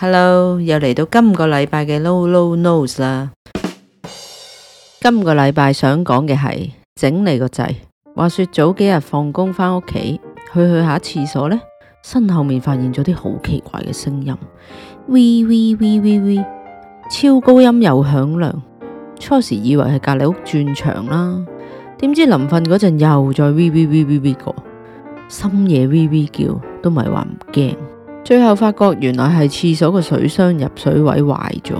Hello，又嚟到今個禮拜嘅 Low Low Nose 啦。今個禮拜想講嘅係整你個掣。話說早幾日放工返屋企去去下廁所呢，身後面發現咗啲好奇怪嘅聲音，we we w 超高音又響亮。初時以為係隔籬屋轉場啦，點知臨瞓嗰陣又再 we we we 過。深夜微微叫都唔係話唔驚，最後發覺原來係廁所個水箱入水位壞咗。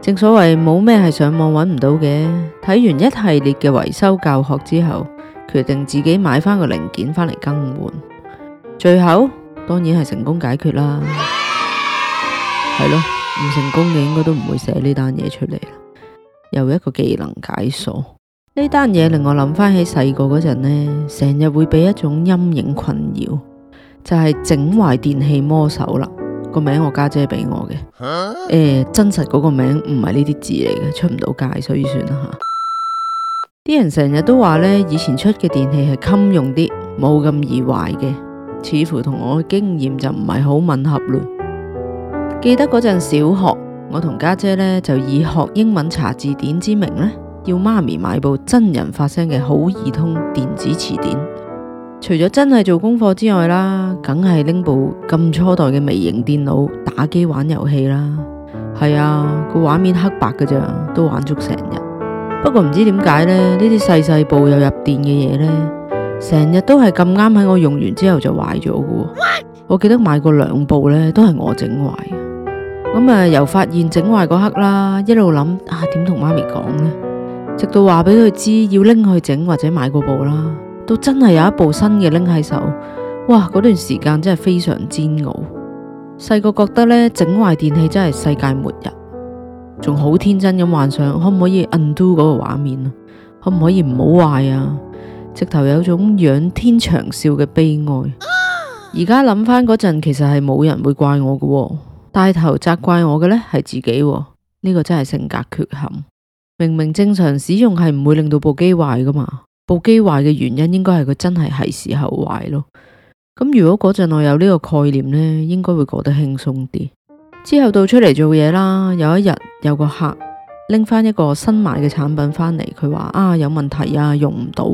正所謂冇咩係上網揾唔到嘅，睇完一系列嘅維修教學之後，決定自己買返個零件返嚟更換。最後當然係成功解決啦，係咯， 唔成功你應該都唔會寫呢單嘢出嚟啦。又一個技能解鎖。呢單嘢令我諗翻起細個嗰陣呢，成日會俾一種陰影困擾，就係、是、整壞電器魔手啦。個名我家姐俾我嘅。蛤誒，真實嗰個名唔係呢啲字嚟嘅，出唔到街，所以算啦吓。啲 人成日都話呢，以前出嘅電器係襟用啲，冇咁易壞嘅，似乎同我嘅經驗就唔係好吻合嘞。記得嗰陣小學，我同家姐，姐呢，就以學英文查字典之名呢。要媽咪買部真人發聲嘅好易通電子詞典，除咗真係做功課之外啦，梗係拎部咁初代嘅微型電腦打機玩遊戲啦。係啊，個畫面黑白噶咋，都玩足成日。不過唔知點解咧，呢啲細細部又入電嘅嘢咧，成日都係咁啱喺我用完之後就壞咗嘅。What? 我記得買過兩部咧，都係我整壞。咁、嗯、啊，由發現整壞嗰刻啦，一路諗啊，點同媽咪講呢？」直到話畀佢知要拎去整或者買過部啦，都真係有一部新嘅拎喺手，哇！嗰段時間真係非常煎熬。細個覺得呢，整壞電器真係世界末日，仲好天真咁幻想可唔可以 undo 嗰個畫面啊？可唔可以唔好壞啊？直頭有種仰天長笑嘅悲哀。而家諗返嗰陣，其實係冇人會怪我嘅喎，帶頭責怪我嘅呢係自己喎，呢、這個真係性格缺陷。明明正常使用係唔會令到部機壞噶嘛，部機壞嘅原因應該係佢真係係時候壞咯。咁如果嗰陣我有呢個概念呢，應該會覺得輕鬆啲。之後到出嚟做嘢啦，有一日有個客拎返一個新買嘅產品返嚟，佢話：啊，有問題啊，用唔到，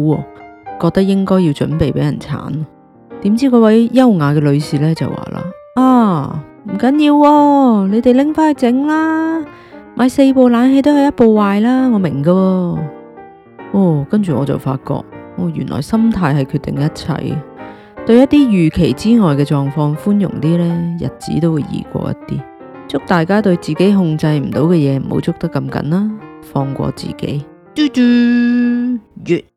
覺得應該要準備俾人鏟。點知嗰位優雅嘅女士呢，就話啦：啊，唔緊要，你哋拎返去整啦。買四部冷氣都係一部壞啦，我明㗎喎。哦。哦，跟住我就發覺，哦，原來心態係決定一切。對一啲預期之外嘅狀況寬容啲呢，日子都會易過一啲。祝大家對自己控制唔到嘅嘢唔好捉得咁緊啦，放過自己。嘟嘟嘟。